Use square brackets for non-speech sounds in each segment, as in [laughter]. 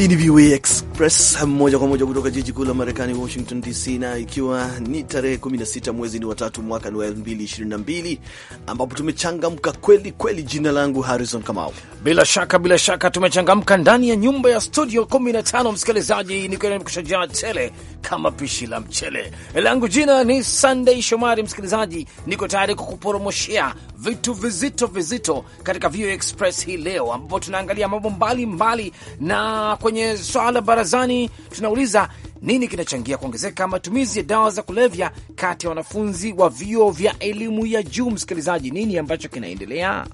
Hii ni VOA Express moja kwa moja kutoka jiji kuu la Marekani, Washington DC, na ikiwa ni tarehe 16 mwezi ni watatu mwaka ni wa 2022 ambapo tumechangamka kweli kweli. Jina langu Harrison Kamau. Bila shaka bila shaka tumechangamka ndani ya nyumba ya studio 15, msikilizaji, nikiwa nimekushajaa tele kama pishi la mchele. Langu jina ni Sunday Shomari, msikilizaji, niko tayari kukuporomoshea vitu vizito vizito katika VOA Express hii leo, ambapo tunaangalia mambo mbalimbali, na kwenye swala barazani tunauliza nini kinachangia kuongezeka matumizi ya dawa za kulevya kati ya wanafunzi wa vyuo vya elimu ya juu. Msikilizaji, nini ambacho kinaendelea?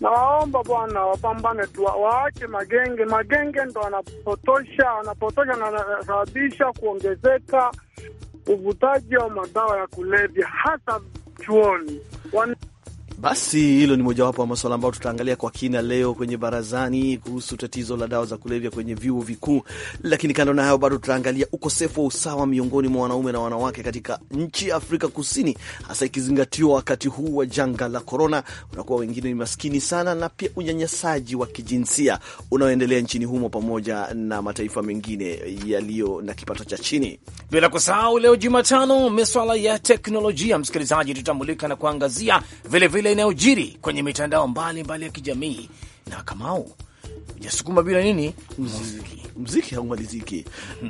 Nawaomba bwana wapambane tu, waache magenge. Magenge ndo wanapotosha, wanapotosha na wanasababisha kuongezeka uvutaji wa madawa ya kulevya hasa chuoni basi hilo ni mojawapo wa masuala ambayo tutaangalia kwa kina leo kwenye barazani kuhusu tatizo la dawa za kulevya kwenye vyuo vikuu. Lakini kando na hayo, bado tutaangalia ukosefu wa usawa miongoni mwa wanaume na wanawake katika nchi ya Afrika Kusini, hasa ikizingatiwa wakati huu wa janga la korona, unakuwa wengine ni maskini sana, na pia unyanyasaji wa kijinsia unaoendelea nchini humo pamoja na mataifa mengine yaliyo na kipato cha chini. Bila kusahau leo Jumatano, maswala ya teknolojia, msikilizaji, tutamulika na kuangazia vilevile yale yanayojiri kwenye mitandao mbalimbali ya kijamii na Kamau ujasukuma bila nini muziki, muziki haumaliziki.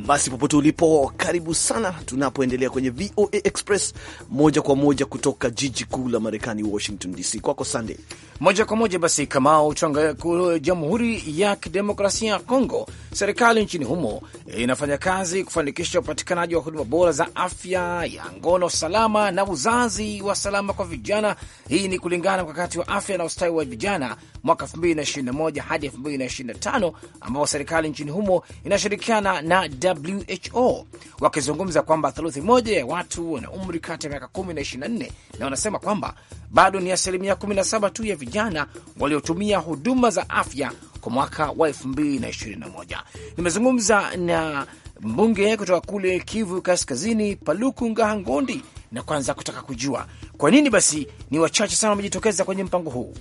Basi popote ulipo, karibu sana tunapoendelea kwenye VOA Express moja kwa moja kutoka jiji kuu la Marekani, Washington DC. Kwako Sunday. Moja kwa moja basi, Kamao, tuangalia kule Jamhuri ya Kidemokrasia ya Kongo. Serikali nchini humo eh, inafanya kazi kufanikisha upatikanaji wa huduma bora za afya ya ngono salama na uzazi wa salama kwa vijana. Hii ni kulingana na mkakati wa afya na ustawi wa vijana mwaka 2021 hadi 2025 ambapo serikali nchini humo inashirikiana na WHO wakizungumza kwamba theluthi moja ya watu wana umri kati ya miaka 10 na 24 na wanasema kwamba bado ni asilimia 17 tu ya vijana waliotumia huduma za afya kwa mwaka wa 2021. Nimezungumza na mbunge kutoka kule Kivu Kaskazini, Paluku Ngahangondi, na kwanza kutaka kujua kwa nini basi ni wachache sana wamejitokeza kwenye mpango huu.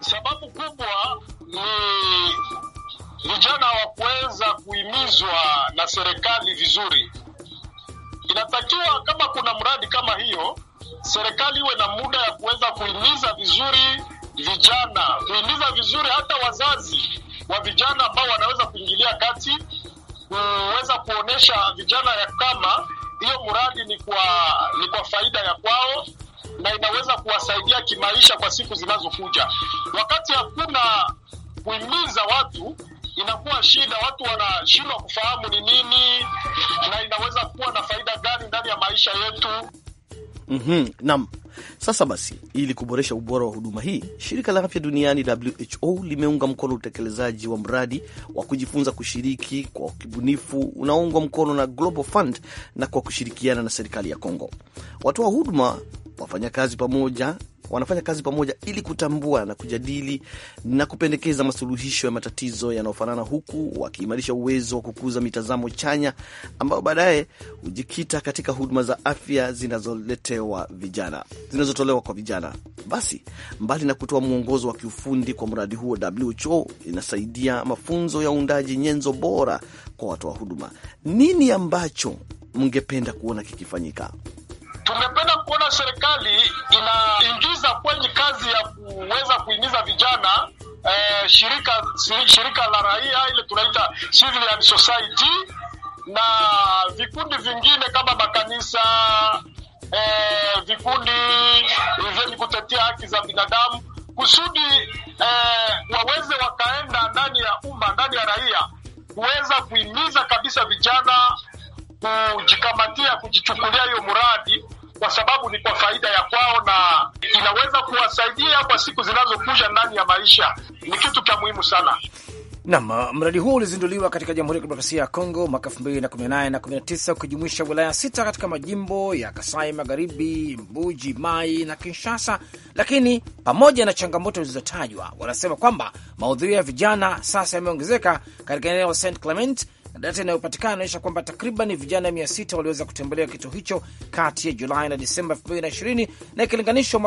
Sababu kubwa ni vijana wa kuweza kuhimizwa na serikali vizuri. Inatakiwa kama kuna mradi kama hiyo, serikali iwe na muda ya kuweza kuhimiza vizuri vijana, kuhimiza vizuri hata wazazi wa vijana ambao wanaweza kuingilia kati, kuweza kuonyesha vijana ya kama hiyo mradi ni kwa, ni kwa faida ya kwao na inaweza kuwasaidia kimaisha kwa siku zinazokuja. Wakati hakuna kuhimiza watu inakuwa shida, watu wanashindwa kufahamu ni nini na inaweza kuwa na faida gani ndani ya maisha yetu. Mm -hmm, naam. Sasa basi, ili kuboresha ubora wa huduma hii, shirika la afya duniani WHO limeunga mkono utekelezaji wa mradi wa kujifunza kushiriki kwa kibunifu unaoungwa mkono na Global Fund na kwa kushirikiana na serikali ya Kongo. Watoa huduma wafanyakazi pamoja wanafanya kazi pamoja ili kutambua na kujadili na kupendekeza masuluhisho ya matatizo yanayofanana huku wakiimarisha uwezo wa kukuza mitazamo chanya ambayo baadaye hujikita katika huduma za afya zinazoletewa vijana zinazotolewa kwa vijana. Basi, mbali na kutoa mwongozo wa kiufundi kwa mradi huo, WHO inasaidia mafunzo ya uundaji nyenzo bora kwa watoa huduma. Nini ambacho mngependa kuona kikifanyika? Tungependa kuona serikali inaingiza kwenye kazi ya kuweza kuhimiza vijana eh, shirika, shirika la raia ile tunaita civil society na vikundi vingine kama makanisa eh, vikundi vyenye kutetea haki za binadamu kusudi eh, waweze wakaenda ndani ya umma, ndani ya raia kuweza kuhimiza kabisa vijana kujikamatia kujichukulia hiyo mradi kwa sababu ni kwa faida ya kwao na inaweza kuwasaidia kwa siku zinazokuja ndani ya maisha. Ni kitu cha muhimu sana. nam mradi huo ulizinduliwa katika Jamhuri ya Kidemokrasia ya Kongo mwaka 2018 na 19 ukijumuisha wilaya sita katika majimbo ya Kasai Magharibi, Mbuji Mai na Kinshasa. Lakini pamoja na changamoto zilizotajwa, wanasema kwamba mahudhurio ya vijana sasa yameongezeka katika eneo la St Clement Data inayopatikana inaonyesha kwamba takriban vijana 6 waliweza kutembelea kituo hicho kati ya Julai na Disemba 2020 na ikilinganishwa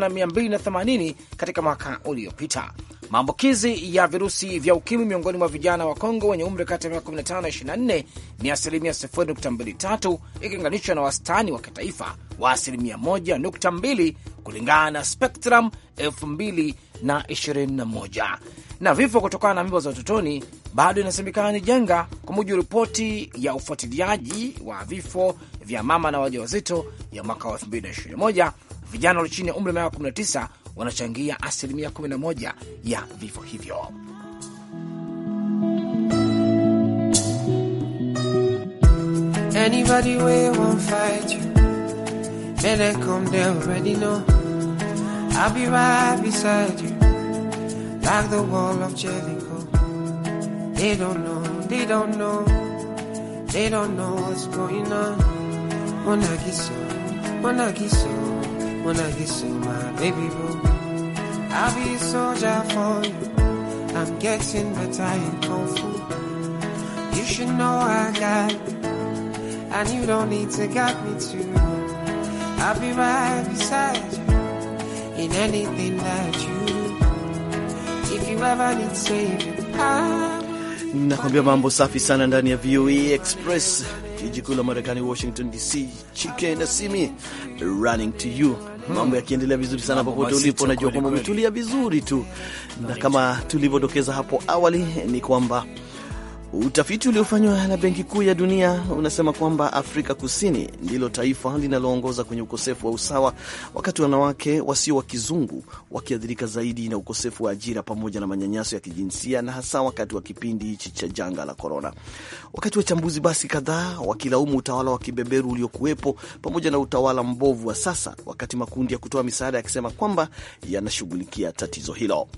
na 280 katika mwaka uliopita. Maambukizi ya virusi vya ukimwi miongoni mwa vijana wa Kongo wenye umri kati ya miaka 15 na 24 ni asilimia 0.23 ikilinganishwa na wastani wa kitaifa wa asilimia 1.2 kulingana na Spectrum 2021 na vifo kutokana na mimba za utotoni bado inasemekana ni janga, kwa mujibu wa ripoti ya ufuatiliaji wa vifo vya mama na wajawazito ya mwaka wa 2021. Vijana walio chini ya umri wa miaka 19 wanachangia asilimia 11 ya vifo hivyo. Anybody like the wall of Jericho. They don't know, they don't know, they don't know what's going on. When I get so, when I get so, when I get so, my baby boo. I'll be a soldier for you. I'm getting better in Kung Fu. You should know I got And you don't need to guide me too. I'll be right beside you in anything that you Nakwambia mambo safi sana ndani ya VOA e Express, jiji kuu la Marekani, Washington DC. Chike na Simi, running to you hmm. mambo yakiendelea vizuri sana popote ulipo, najua kwamba umetulia vizuri tu, na kama tulivyodokeza hapo awali ni kwamba Utafiti uliofanywa na Benki Kuu ya Dunia unasema kwamba Afrika Kusini ndilo taifa linaloongoza kwenye ukosefu wa usawa, wakati wanawake wasio wa kizungu wakiathirika zaidi na ukosefu wa ajira pamoja na manyanyaso ya kijinsia, na hasa wakati wa kipindi hichi cha janga la korona. Wakati wachambuzi basi kadhaa wakilaumu utawala wa kibeberu uliokuwepo pamoja na utawala mbovu wa sasa, wakati makundi ya kutoa misaada yakisema kwamba yanashughulikia tatizo hilo.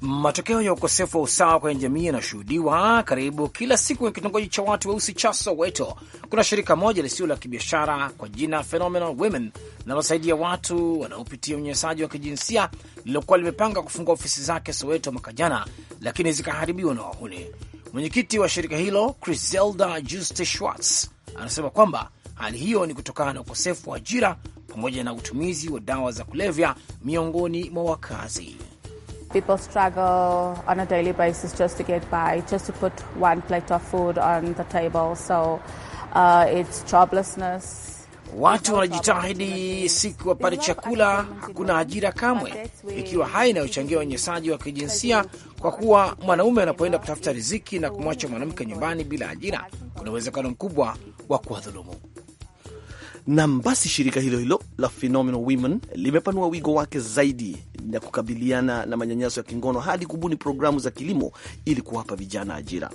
Matokeo ya ukosefu wa usawa kwenye jamii yanashuhudiwa karibu kila siku kwenye kitongoji cha watu weusi cha Soweto. Kuna shirika moja lisilo la kibiashara kwa jina Phenomenal Women linalosaidia watu wanaopitia unyanyasaji wa kijinsia lililokuwa limepanga kufungua ofisi zake Soweto mwaka jana, lakini zikaharibiwa na wahuni. Mwenyekiti wa shirika hilo Criselda Juste Schwartz anasema kwamba hali hiyo ni kutokana na ukosefu wa ajira pamoja na utumizi wa dawa za kulevya miongoni mwa wakazi. People struggle on a daily basis just to get by, just to put one plate of food on the table. So, uh, it's joblessness. Watu wanajitahidi siku wapate chakula, hakuna ajira kamwe, ikiwa haya inayochangia unyanyasaji wa kijinsia, kwa kuwa mwanaume anapoenda kutafuta riziki na kumwacha mwanamke nyumbani bila ajira, kuna uwezekano mkubwa wa kuwadhulumu. Nam, basi shirika hilo hilo la Phenomenal Women limepanua wigo wake zaidi na kukabiliana na manyanyaso ya kingono hadi kubuni programu za kilimo ili kuwapa vijana ajira.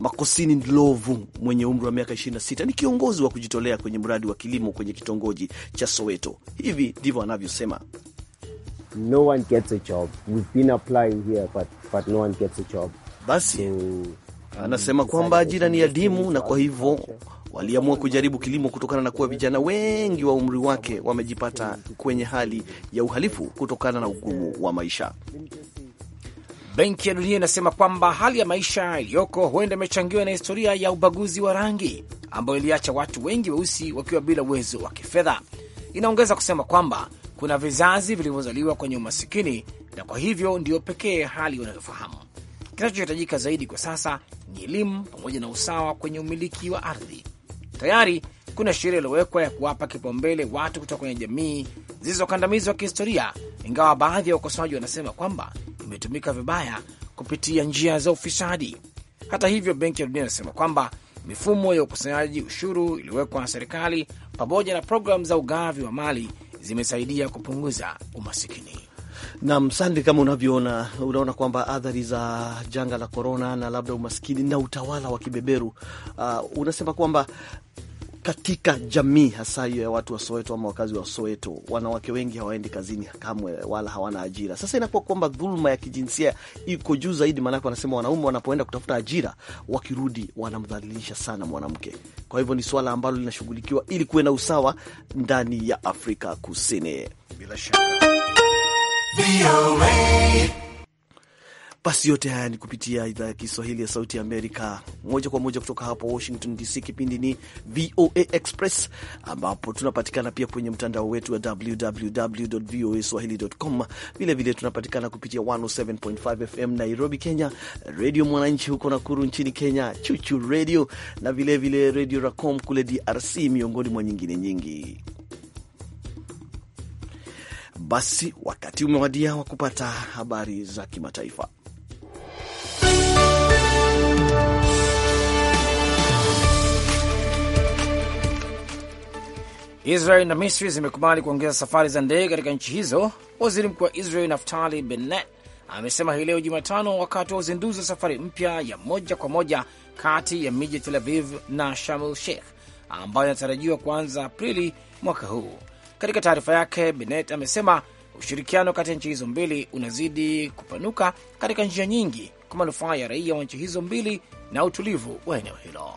Makosini Ndlovu mwenye umri wa miaka 26 ni kiongozi wa kujitolea kwenye mradi wa kilimo kwenye kitongoji cha Soweto. Hivi ndivyo anavyosema. No one gets a job. We've been applying here, but, but no one gets a job. Basi so, anasema kwamba ajira ni adimu na kwa hivyo waliamua kujaribu kilimo kutokana na kuwa vijana wengi wa umri wake wamejipata kwenye hali ya uhalifu kutokana na ugumu wa maisha. Benki ya Dunia inasema kwamba hali ya maisha iliyoko huenda imechangiwa na historia ya ubaguzi wa rangi ambayo iliacha watu wengi weusi wakiwa bila uwezo wa kifedha. Inaongeza kusema kwamba kuna vizazi vilivyozaliwa kwenye umasikini na kwa hivyo ndiyo pekee hali wanayofahamu. Kinachohitajika zaidi kwa sasa ni elimu pamoja na usawa kwenye umiliki wa ardhi Tayari kuna sheria iliyowekwa ya kuwapa kipaumbele watu kutoka kwenye jamii zilizokandamizwa kihistoria, ingawa baadhi ya wakosoaji wanasema kwamba imetumika vibaya kupitia njia za ufisadi. Hata hivyo, Benki ya Dunia inasema kwamba mifumo ya ukusanyaji ushuru iliyowekwa na serikali pamoja na programu za ugavi wa mali zimesaidia kupunguza umasikini. Nam Sandi, kama unavyoona, unaona kwamba athari za janga la korona na labda umaskini na utawala wa kibeberu uh, unasema kwamba katika jamii hasa hiyo ya watu wa Soweto ama wakazi wa Soweto, wanawake wengi hawaendi kazini kamwe, wala hawana ajira. Sasa inakuwa kwamba dhuluma ya kijinsia iko juu zaidi, maanake wanasema wanaume wanapoenda kutafuta ajira, wakirudi wanamdhalilisha sana mwanamke. Kwa hivyo ni swala ambalo linashughulikiwa ili kuwe na usawa ndani ya Afrika Kusini. Bila shaka basi yote haya ni kupitia idhaa ya Kiswahili ya Sauti ya Amerika, moja kwa moja kutoka hapa Washington DC. Kipindi ni VOA Express, ambapo tunapatikana pia kwenye mtandao wetu wa www voa swahili.com. Vilevile tunapatikana kupitia 107.5 FM Nairobi, Kenya, Redio Mwananchi huko Nakuru nchini Kenya, Chuchu Redio na vilevile Redio Racom kule DRC, miongoni mwa nyingine nyingi. Basi wakati umewadia wa kupata habari za kimataifa. Israel na Misri zimekubali kuongeza safari za ndege katika nchi hizo. Waziri mkuu wa Israel Naftali Bennett amesema hii leo Jumatano wakati wa uzinduzi wa safari mpya ya moja kwa moja kati ya miji ya Tel Aviv na Sharm el Sheikh ambayo inatarajiwa kuanza Aprili mwaka huu. Katika taarifa yake, Bennett amesema ushirikiano kati ya nchi hizo mbili unazidi kupanuka katika njia nyingi kwa manufaa ya raia wa nchi hizo mbili na utulivu wa eneo hilo.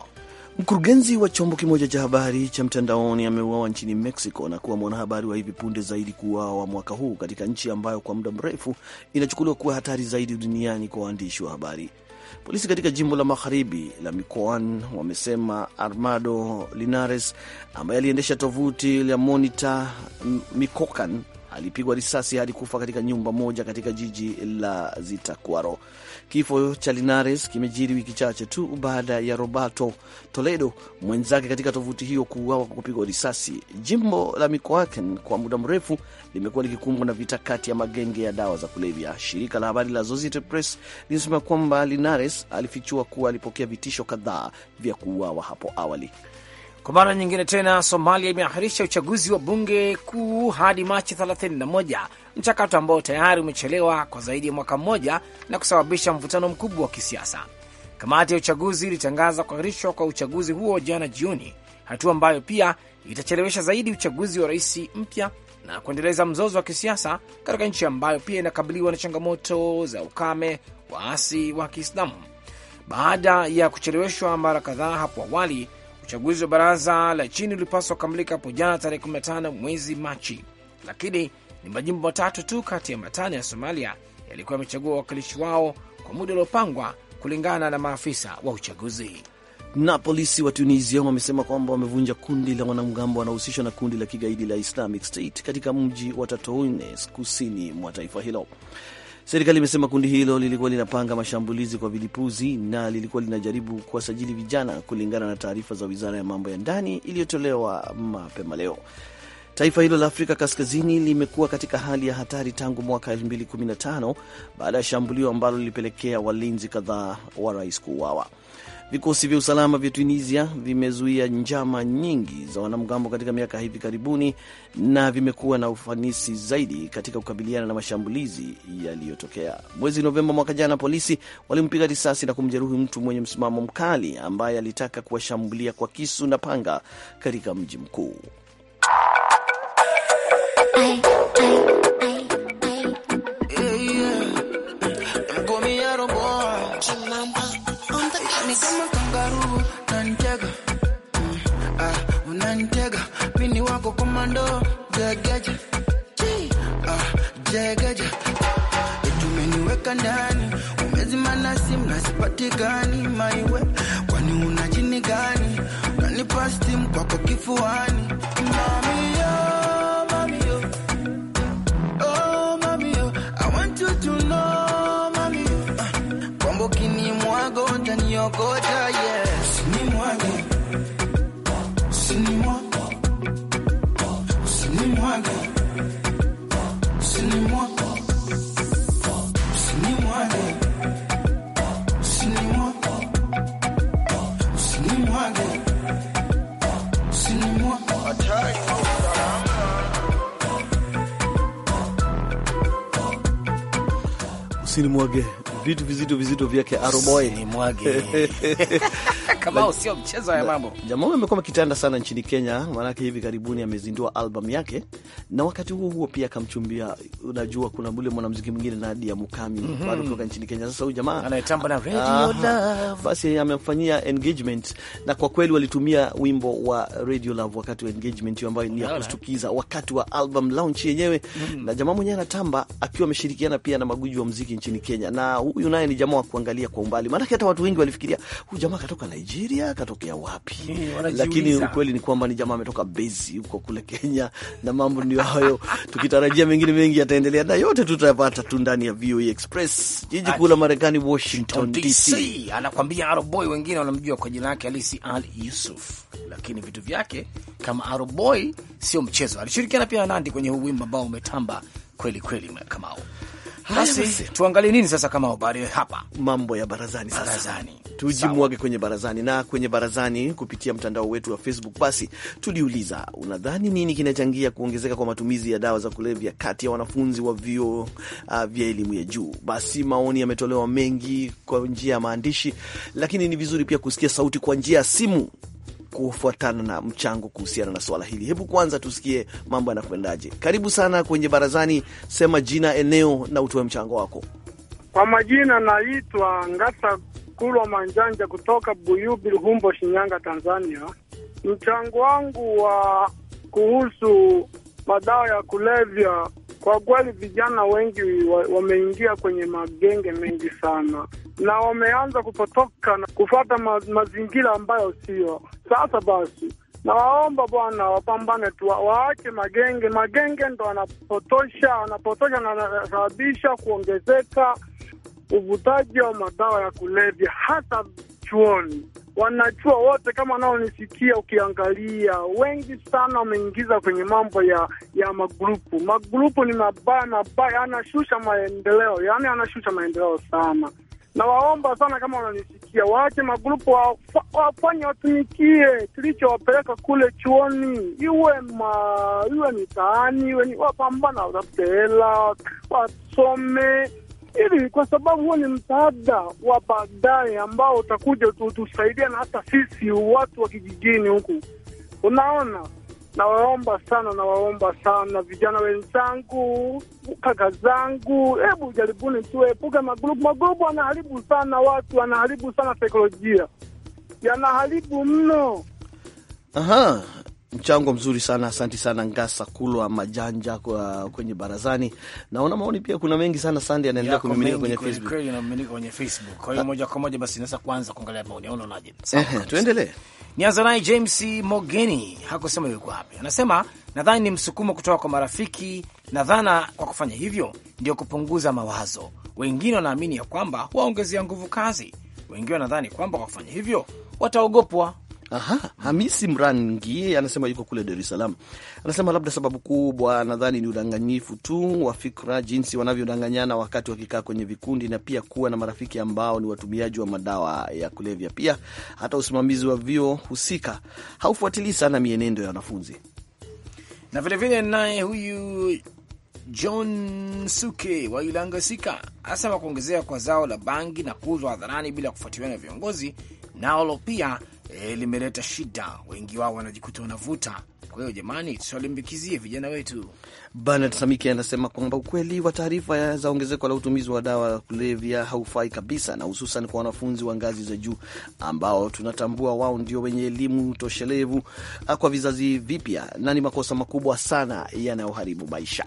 Mkurugenzi wa chombo kimoja cha habari cha mtandaoni ameuawa nchini Mexico na kuwa mwanahabari wa hivi punde zaidi kuuawa mwaka huu katika nchi ambayo kwa muda mrefu inachukuliwa kuwa hatari zaidi duniani kwa waandishi wa habari. Polisi katika jimbo la magharibi la Michoacan wamesema Armando Linares ambaye aliendesha tovuti la Monitor Michoacan alipigwa risasi hadi kufa katika nyumba moja katika jiji la Zitácuaro. Kifo cha Linares kimejiri wiki chache tu baada ya Roberto Toledo mwenzake katika tovuti hiyo kuuawa kwa kupigwa risasi. Jimbo la Michoacan kwa muda mrefu limekuwa likikumbwa na vita kati ya magenge ya dawa za kulevya. Shirika la habari la Associated Press linasema kwamba Linares alifichua kuwa alipokea vitisho kadhaa vya kuuawa hapo awali. Kwa mara nyingine tena, Somalia imeahirisha uchaguzi wa bunge kuu hadi Machi 31 mchakato ambao tayari umechelewa kwa zaidi ya mwaka mmoja na kusababisha mvutano mkubwa wa kisiasa. Kamati ya uchaguzi ilitangaza kuahirishwa kwa uchaguzi huo jana jioni, hatua ambayo pia itachelewesha zaidi uchaguzi wa rais mpya na kuendeleza mzozo wa kisiasa katika nchi ambayo pia inakabiliwa na changamoto za ukame, waasi wa Kiislamu. Baada ya kucheleweshwa mara kadhaa hapo awali, uchaguzi wa baraza la chini ulipaswa kukamilika hapo jana tarehe 15 mwezi Machi, lakini ni majimbo matatu tu kati ya matano ya Somalia yalikuwa yamechagua wawakilishi wao kwa muda uliopangwa, kulingana na maafisa wa uchaguzi. Na polisi wa Tunisia wamesema kwamba wamevunja kundi la wanamgambo wanaohusishwa na kundi la kigaidi la Islamic State katika mji wa Tatounes kusini mwa taifa hilo. Serikali imesema kundi hilo lilikuwa linapanga mashambulizi kwa vilipuzi na lilikuwa linajaribu kuwasajili vijana, kulingana na taarifa za wizara ya mambo ya ndani iliyotolewa mapema leo. Taifa hilo la Afrika Kaskazini limekuwa katika hali ya hatari tangu mwaka 2015 baada ya shambulio ambalo lilipelekea walinzi kadhaa wa rais kuuawa. Vikosi vya usalama vya Tunisia vimezuia njama nyingi za wanamgambo katika miaka hivi karibuni na vimekuwa na ufanisi zaidi katika kukabiliana na mashambulizi yaliyotokea. Mwezi Novemba mwaka jana, polisi walimpiga risasi na kumjeruhi mtu mwenye msimamo mkali ambaye alitaka kuwashambulia kwa kisu na panga katika mji mkuu. ni kama kangaroo nanitega, mm, unanitega ah, mini wako komando jegeja ah, jegeja tumeniweka ndani umezima na simu na maiwe kwani una jini gani unanipa stimu kwako kifuani mami magonjwa niokoja, yes ni mwaga Usinimwage vitu vizito vizito vyake ni mwage [laughs] kama sio mchezo ya mambo. Jamaa huyo amekuwa kitanda sana nchini Kenya, maanake hivi karibuni amezindua albamu yake, na wakati huo huo pia akamchumbia, unajua kuna ule mwanamuziki mwingine Nadia Mukami mm -hmm. bado kutoka nchini Kenya. Sasa huyu jamaa anaitamba na Radio Love, basi amemfanyia engagement, na kwa kweli walitumia wimbo wa Radio Love wakati wa engagement hiyo, ambayo ni ya kustukiza wakati wa album launch yenyewe mm -hmm. na jamaa mwenyewe anatamba akiwa ameshirikiana pia na maguji wa muziki nchini Kenya na huyu naye ni jamaa wa kuangalia kwa umbali, maanake hata watu wengi walifikiria huyu jamaa katoka Nigeria, katokea wapi? Hmm, lakini ukweli ni kwamba ni jamaa ametoka bezi huko kule Kenya, na mambo ndio hayo. [laughs] Tukitarajia mengine mengi yataendelea, na yote tutayapata tu ndani ya VOA e Express, jiji kuu la Marekani, Washington DC. Anakwambia Aroboy, wengine wanamjua kwa jina lake halisi Ali Yusuf, lakini vitu vyake kama Aroboy sio mchezo. Alishirikiana pia na Nandi kwenye huu wimbo ambao umetamba kweli kweli, Kamau. Basi tuangalie nini sasa kama habari hapa, mambo ya barazani sasa. Barazani tujimwage kwenye barazani na kwenye barazani kupitia mtandao wetu wa Facebook. Basi tuliuliza, unadhani nini kinachangia kuongezeka kwa matumizi ya dawa za kulevya kati ya wanafunzi wa vyuo uh, vya elimu ya juu? Basi maoni yametolewa mengi kwa njia ya maandishi, lakini ni vizuri pia kusikia sauti kwa njia ya simu kufuatana na mchango kuhusiana na swala hili. Hebu kwanza tusikie mambo yanakwendaje. Karibu sana kwenye barazani, sema jina, eneo na utoe mchango wako. Kwa majina naitwa Ngasa Kulwa Manjanja kutoka Buyubi, humbo Shinyanga, Tanzania. Mchango wangu wa kuhusu madawa ya kulevya, kwa kweli vijana wengi wameingia wa kwenye magenge mengi sana na wameanza kupotoka na kufuata ma, mazingira ambayo sio. Sasa basi nawaomba bwana wapambane tu, waache magenge. Magenge ndo anapotosha, anapotosha na anasababisha kuongezeka uvutaji wa madawa ya kulevya hata chuoni. wanachua wote kama wanaonisikia, ukiangalia wengi sana wameingiza kwenye mambo ya ya magrupu. Magrupu ni mabaya mabaya, anashusha maendeleo, yaani anashusha maendeleo sana. Nawaomba sana kama wananisikia, waache magrupu, wafanye watumikie kilichowapeleka kule chuoni, iwe ma iwe mitaani, iwe ni wapambana, watafute hela, wasome, ili kwa sababu huo ni msaada wa baadaye ambao utakuja utusaidia na hata sisi watu wa kijijini huku, unaona. Nawaomba sana, nawaomba sana vijana wenzangu, kaka zangu, hebu jaribuni tuepuke magrupu. Magrupu anaharibu sana watu, anaharibu sana saikolojia, yanaharibu mno. Aha, Mchango mzuri sana, asanti sana Ngasa Kulwa Majanja kwa kwenye barazani. Naona maoni pia kuna mengi sana sande, anaendelea kumiminika kwenye Facebook, kweli Kwa hiyo ah. moja kwa moja basi naweza kuanza kuangalia maoni, unaona tuendelee. Nianza naye James Mogeni, hakusema yuko wapi. Anasema nadhani ni msukumo kutoka kwa marafiki, na dhana kwa kufanya hivyo ndio kupunguza mawazo. Wengine wanaamini ya kwamba huwaongezea nguvu kazi, wengine wanadhani kwamba kwa kufanya hivyo wataogopwa Aha, Hamisi Mrangi anasema yuko kule Dar es Salaam. Anasema labda sababu kubwa nadhani ni udanganyifu tu wa fikra, jinsi wanavyodanganyana wakati wakikaa kwenye vikundi, na pia kuwa na marafiki ambao ni watumiaji wa madawa ya kulevya. Pia hata usimamizi wa vyuo husika haufuatilii sana mienendo ya wanafunzi. Na vilevile naye huyu John Suke wa Ilangasika asema kuongezea kwa zao la bangi na kuuzwa hadharani bila kufuatiliwa na viongozi nalo pia e, limeleta shida, wengi wao wanajikuta wanavuta. Kwa hiyo jamani, tusiwalimbikizie vijana wetu. Bernard Samike anasema kwamba ukweli wa taarifa za ongezeko la utumizi wa dawa kulevya haufai kabisa, na hususan kwa wanafunzi wa ngazi za juu ambao tunatambua wao ndio wenye elimu toshelevu ah, kwa vizazi vipya, na ni makosa makubwa sana yanayoharibu maisha.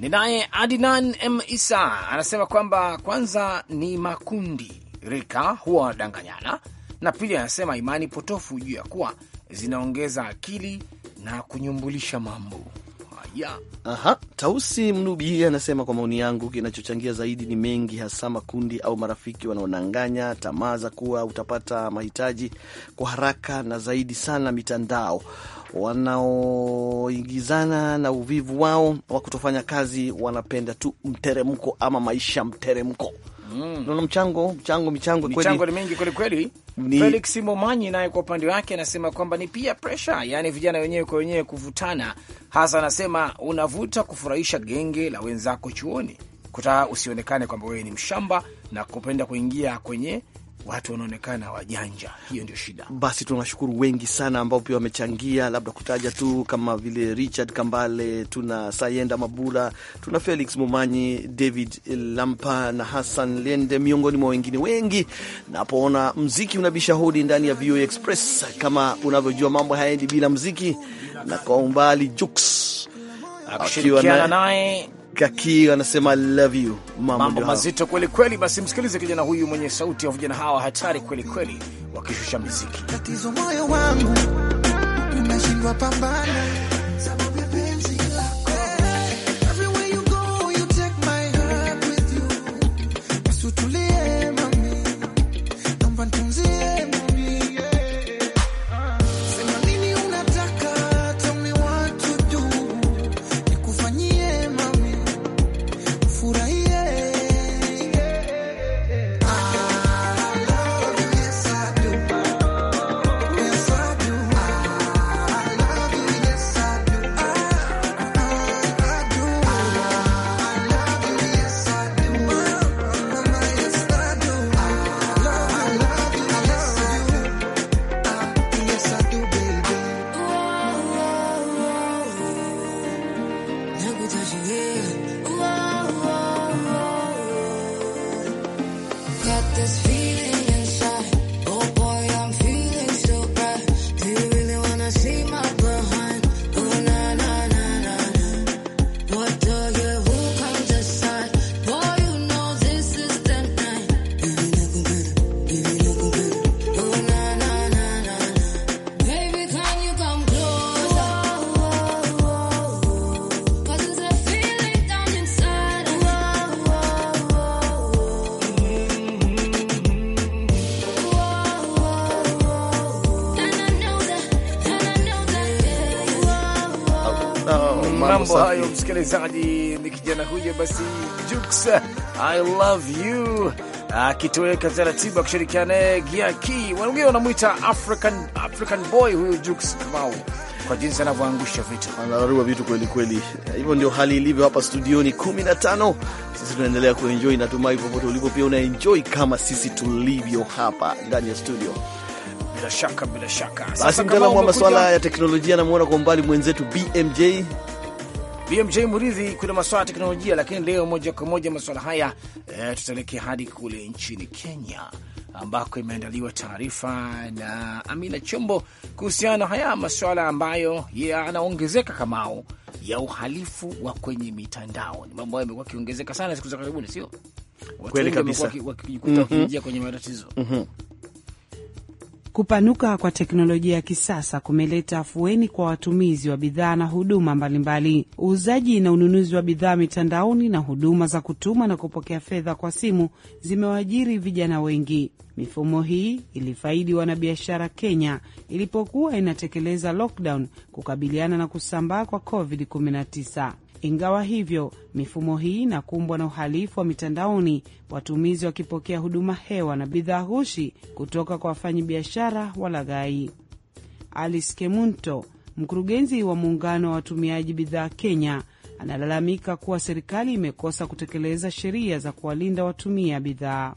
Ni naye Adinan M Isa anasema kwamba kwanza ni makundi rika huwa wanadanganyana na pili anasema imani potofu juu ya kuwa zinaongeza akili na kunyumbulisha mambo. Yeah. Aha, Tausi Mnubi anasema kwa maoni yangu, kinachochangia zaidi ni mengi, hasa makundi au marafiki wanaonanganya tamaa za kuwa utapata mahitaji kwa haraka, na zaidi sana mitandao, wanaoingizana na uvivu wao wa kutofanya kazi. Wanapenda tu mteremko ama maisha mteremko mm. Naona mchango mchango mchango kweli, Mchango ni mingi kweli kweli. Ni... Felix Momanyi naye kwa upande wake anasema kwamba ni pia pressure, yani vijana wenyewe kwa wenyewe kuvutana, hasa anasema unavuta kufurahisha genge la wenzako chuoni, Kuta usionekane kwamba wewe ni mshamba na kupenda kuingia kwenye watu wanaonekana wajanja, hiyo ndio shida. Basi tunawashukuru wengi sana ambao pia wamechangia, labda kutaja tu kama vile Richard Kambale, tuna Sayenda Mabula, tuna Felix Mumanyi, David Lampa na Hassan Lende, miongoni mwa wengine wengi. Napoona mziki unabisha hodi ndani ya VOA Express, kama unavyojua mambo hayaendi bila mziki, na kwa umbali Juks akiwa naye Kaki anasema love you. Mambo mazito kweli kweli. Basi msikilize kijana huyu mwenye sauti ya vijana hawa hatari kweli kweli, wakishusha muziki. Tatizo moyo wangu unashindwa pambana mambo hayo, msikilizaji. Ni kijana huyo basi Jux, I love you akitoweka taratibu akishirikiana naye Giaki, wengine wanamwita African, African boy huyu Jux Mau kwa jinsi anavyoangusha vitu, anararua vitu kweli kweli. Hivyo ndio hali ilivyo hapa studioni 15. Sisi tunaendelea kuenjoy, natumai popote ulipo pia unaenjoy kama sisi tulivyo hapa ndani ya studio. Bila shaka, bila shaka. Basi mtaalamu wa masuala ya teknolojia, namwona kwa umbali mwenzetu BMJ BMJ Muridhi, kuna masuala ya teknolojia, lakini leo moja kwa moja masuala haya e, tutaelekea hadi kule nchini Kenya ambako imeandaliwa taarifa na Amina Chombo kuhusiana na haya masuala ambayo yanaongezeka kamao ya uhalifu wa kwenye mitandao. Ni mambo hayo yamekuwa akiongezeka sana siku za karibuni, sio? kweli kabisa, wakijikuta mhm. wakiingia kwenye matatizo. Mhm. Kupanuka kwa teknolojia ya kisasa kumeleta afueni kwa watumizi wa bidhaa na huduma mbalimbali. Uuzaji na ununuzi wa bidhaa mitandaoni na huduma za kutuma na kupokea fedha kwa simu zimewaajiri vijana wengi. Mifumo hii ilifaidi wanabiashara Kenya ilipokuwa inatekeleza lockdown kukabiliana na kusambaa kwa COVID-19. Ingawa hivyo, mifumo hii inakumbwa na uhalifu wa mitandaoni, watumizi wakipokea huduma hewa na bidhaa ghushi kutoka kwa wafanyabiashara walaghai. Alice Kemunto, mkurugenzi wa muungano wa watumiaji bidhaa Kenya, analalamika kuwa serikali imekosa kutekeleza sheria za kuwalinda watumia bidhaa.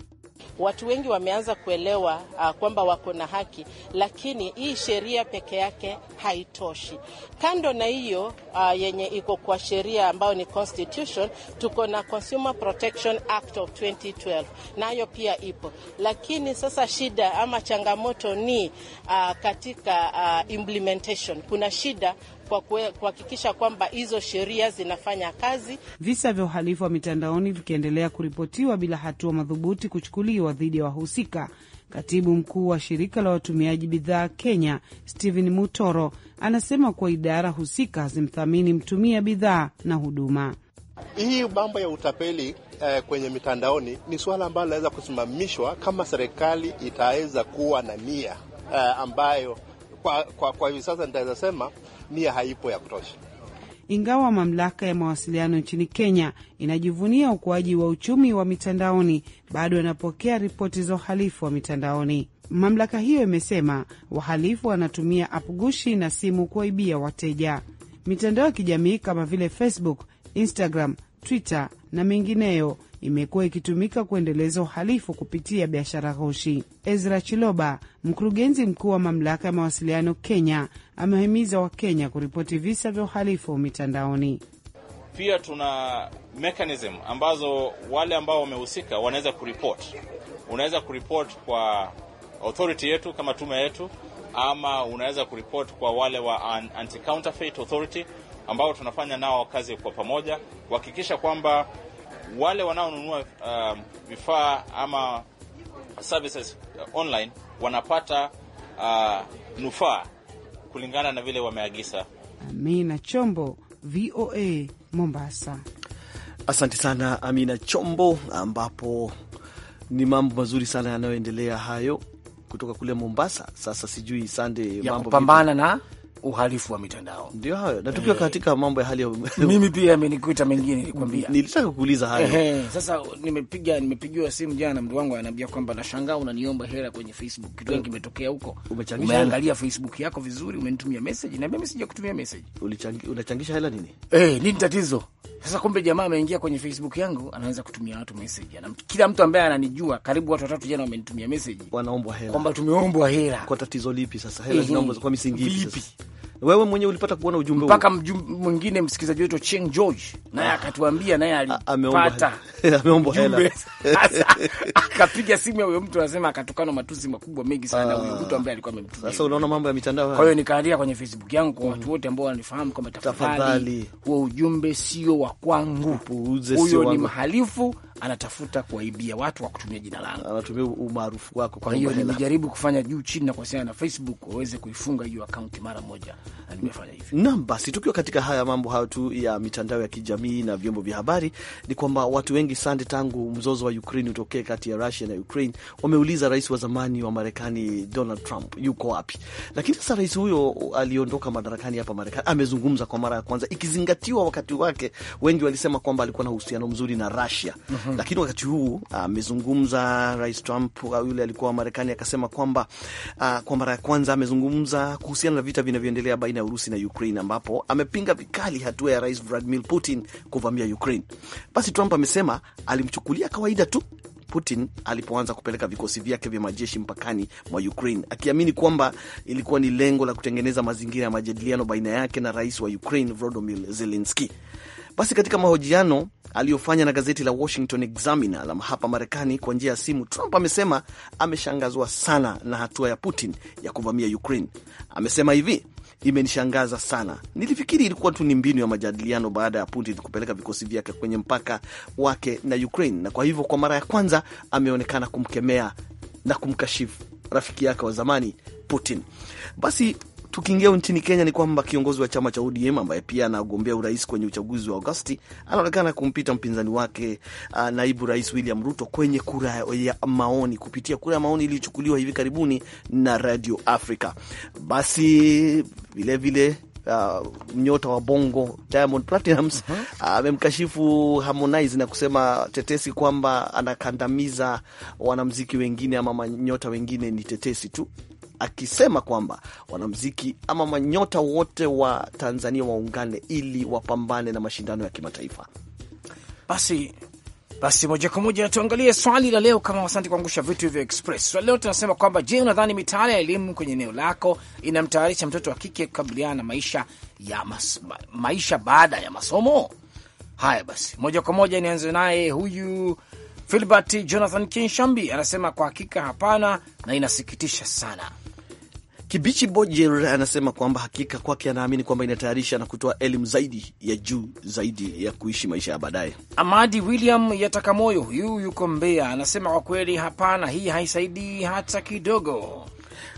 Watu wengi wameanza kuelewa uh, kwamba wako na haki, lakini hii sheria peke yake haitoshi. Kando na hiyo uh, yenye iko kwa sheria ambayo ni constitution, tuko na Consumer Protection Act of 2012 nayo na pia ipo, lakini sasa shida ama changamoto ni uh, katika uh, implementation kuna shida kwa kuhakikisha kwamba hizo sheria zinafanya kazi. Visa vya uhalifu wa mitandaoni vikiendelea kuripotiwa bila hatua madhubuti kuchukuliwa dhidi ya wa wahusika. Katibu mkuu wa shirika la watumiaji bidhaa Kenya, Stephen Mutoro, anasema kuwa idara husika zimthamini mtumia bidhaa na huduma. Hii mambo ya utapeli eh, kwenye mitandaoni ni suala ambalo linaweza kusimamishwa kama serikali itaweza kuwa na nia eh, ambayo kwa, kwa, kwa hivi sasa nitaweza sema nia haipo ya kutosha. Ingawa mamlaka ya mawasiliano nchini Kenya inajivunia ukuaji wa uchumi wa mitandaoni, bado inapokea ripoti za uhalifu wa mitandaoni. Mamlaka hiyo imesema wahalifu wanatumia apgushi na simu kuwaibia wateja. Mitandao ya kijamii kama vile Facebook, Instagram, Twitter na mengineyo imekuwa ikitumika kuendeleza uhalifu kupitia biashara ghushi. Ezra Chiloba, mkurugenzi mkuu wa mamlaka ya mawasiliano Kenya, amehimiza Wakenya kuripoti visa vya uhalifu mitandaoni. Pia tuna mekanism ambazo wale ambao wamehusika wanaweza kuripoti. Unaweza kuripoti kwa authority yetu kama tume yetu, ama unaweza kuripoti kwa wale wa anti counterfeit authority ambao tunafanya nao kazi kwa pamoja kuhakikisha kwamba wale wanaonunua um, vifaa ama services uh, online wanapata uh, nufaa kulingana na vile wameagiza. Amina Chombo, VOA Mombasa. Asante sana Amina Chombo, ambapo ni mambo mazuri sana yanayoendelea hayo kutoka kule Mombasa. Sasa sijui sande, mambo pambana na uhalifu wa mitandao. Ndio hayo na tukiwa eh. katika mambo ya hali ya [laughs] mimi pia amenikuta mengine, nikwambia, nilitaka kuuliza hayo. Sasa nimepiga nimepigiwa simu jana na mtu wangu ananiambia kwamba nashangaa unaniomba hela kwenye Facebook, kitu gani kimetokea huko? Umeangalia Facebook yako vizuri? Umenitumia message na mimi sija kutumia message, unachangisha hela nini? Eh, nini tatizo sasa? Kumbe jamaa ameingia kwenye Facebook yangu, anaanza kutumia watu message, ana kila mtu ambaye ananijua, karibu watu watatu jana wamenitumia message, wanaombwa hela kwamba tumeombwa hela. Kwa tatizo lipi sasa? Hela zinaombwa kwa misingi ipi? Wewe mwenyewe ulipata kuona ujumbe mpaka mwingine msikilizaji wetu Cheng George naye ah. akatuambia, naye alipata [laughs] ameomba hela akapiga simu ya huyo mtu, anasema akatukana matusi makubwa mengi sana huyo mtu ambaye alikuwa amemtumia. Sasa unaona mambo ya mitandao haya. Kwa hiyo nikaandika kwenye Facebook yangu kwa watu wote ambao wanifahamu kwamba tafadhali, huo ujumbe sio wa kwangu, huyo ni mhalifu anatafuta kuwaibia watu wa kutumia jina langu, anatumia umaarufu wako. Kwa hiyo nimejaribu kufanya juu chini na kuwasiliana na Facebook waweze kuifunga hiyo akaunti mara moja, na nimefanya hivyo. Naam, basi tukiwa katika haya mambo hayo tu ya mitandao ya kijamii na vyombo vya habari, ni kwamba watu wengi sande, tangu mzozo wa Ukraine utokee kati ya Russia na Ukraine, wameuliza rais wa zamani wa Marekani Donald Trump yuko wapi. Lakini sasa rais huyo aliondoka madarakani hapa Marekani amezungumza kwa mara ya kwanza, ikizingatiwa wakati wake wengi walisema kwamba alikuwa na uhusiano mzuri na Russia. Mhm hmm. Lakini wakati huu ah, amezungumza Rais Trump ah, yule alikuwa wa Marekani akasema kwamba uh, kwa mara ya kwanza amezungumza kuhusiana na vita vinavyoendelea baina ya Urusi na Ukraine, ambapo amepinga vikali hatua ya Rais Vladimir Putin kuvamia Ukraine. Basi Trump amesema alimchukulia kawaida tu Putin alipoanza kupeleka vikosi vyake vya majeshi mpakani mwa Ukraine, akiamini kwamba ilikuwa ni lengo la kutengeneza mazingira ya majadiliano baina yake na rais wa Ukraine Volodymyr Zelensky. Basi katika mahojiano aliyofanya na gazeti la Washington Examiner la hapa Marekani kwa njia ya simu, Trump amesema ameshangazwa sana na hatua ya Putin ya kuvamia Ukraine. Amesema hivi: Imenishangaza sana. Nilifikiri ilikuwa tu ni mbinu ya majadiliano baada ya Putin kupeleka vikosi vyake kwenye mpaka wake na Ukraine, na kwa hivyo kwa mara ya kwanza ameonekana kumkemea na kumkashifu rafiki yake wa zamani Putin. Basi Tukiingia nchini Kenya ni kwamba kiongozi wa chama cha ODM ambaye pia anagombea urais kwenye uchaguzi wa Agosti anaonekana kumpita mpinzani wake uh, naibu rais William Ruto kwenye kura ya maoni, kupitia kura ya maoni iliyochukuliwa hivi karibuni na Radio Africa. Basi vilevile Uh, mnyota wa Bongo Diamond Platnumz uh, amemkashifu uh, Harmonize na kusema tetesi kwamba anakandamiza wanamziki wengine ama manyota wengine ni tetesi tu akisema kwamba wanamziki ama manyota wote wa Tanzania waungane ili wapambane na mashindano ya kimataifa. Basi basi moja kwa moja tuangalie swali la leo, kama asante kuangusha vitu hivyo express. Swali leo tunasema kwamba je, unadhani mitaala ya elimu kwenye eneo lako inamtayarisha mtoto wa kike kukabiliana na maisha ya mas, ma, maisha baada ya masomo haya? Basi moja kwa moja nianze naye huyu Filbert Jonathan Kinshambi, anasema kwa hakika hapana, na inasikitisha sana. Kibichi Bojer anasema kwamba hakika kwake anaamini kwamba inatayarisha na kutoa elimu zaidi ya juu zaidi ya kuishi maisha ya baadaye. Amadi William Yatakamoyo, huyu yuko Mbeya, anasema kwa kweli, hapana, hii haisaidii hata kidogo.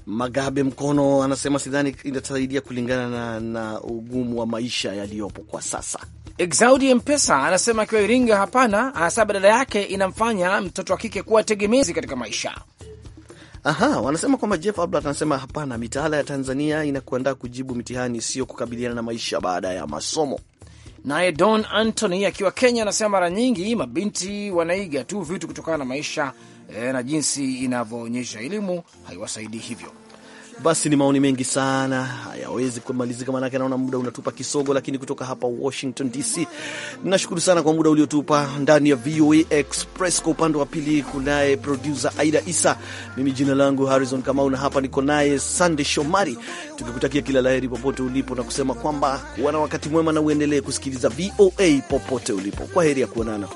Magabe Mkono anasema sidhani inatasaidia kulingana na, na ugumu wa maisha yaliyopo kwa sasa. Exaudi Mpesa anasema akiwa Iringa, hapana, anasema badala yake inamfanya mtoto wa kike kuwa tegemezi katika maisha. Aha, wanasema kwamba Jeff Albert anasema hapana, mitaala ya Tanzania inakuandaa kujibu mitihani, sio kukabiliana na maisha baada ya masomo. Naye Don Anthony akiwa Kenya anasema mara nyingi mabinti wanaiga tu vitu kutokana na maisha e, na jinsi inavyoonyesha elimu haiwasaidii hivyo basi ni maoni mengi sana, hayawezi kumalizika, maanake naona muda unatupa kisogo. Lakini kutoka hapa Washington DC, nashukuru sana kwa muda uliotupa ndani ya VOA Express. Kwa upande wa pili kunaye producer Aida Isa, mimi jina langu Harrison Kamau na hapa niko naye Sande Shomari, tukikutakia kila laheri popote ulipo na kusema kwamba kuwa na wakati mwema na uendelee kusikiliza VOA popote ulipo. Kwa heri ya kuonana.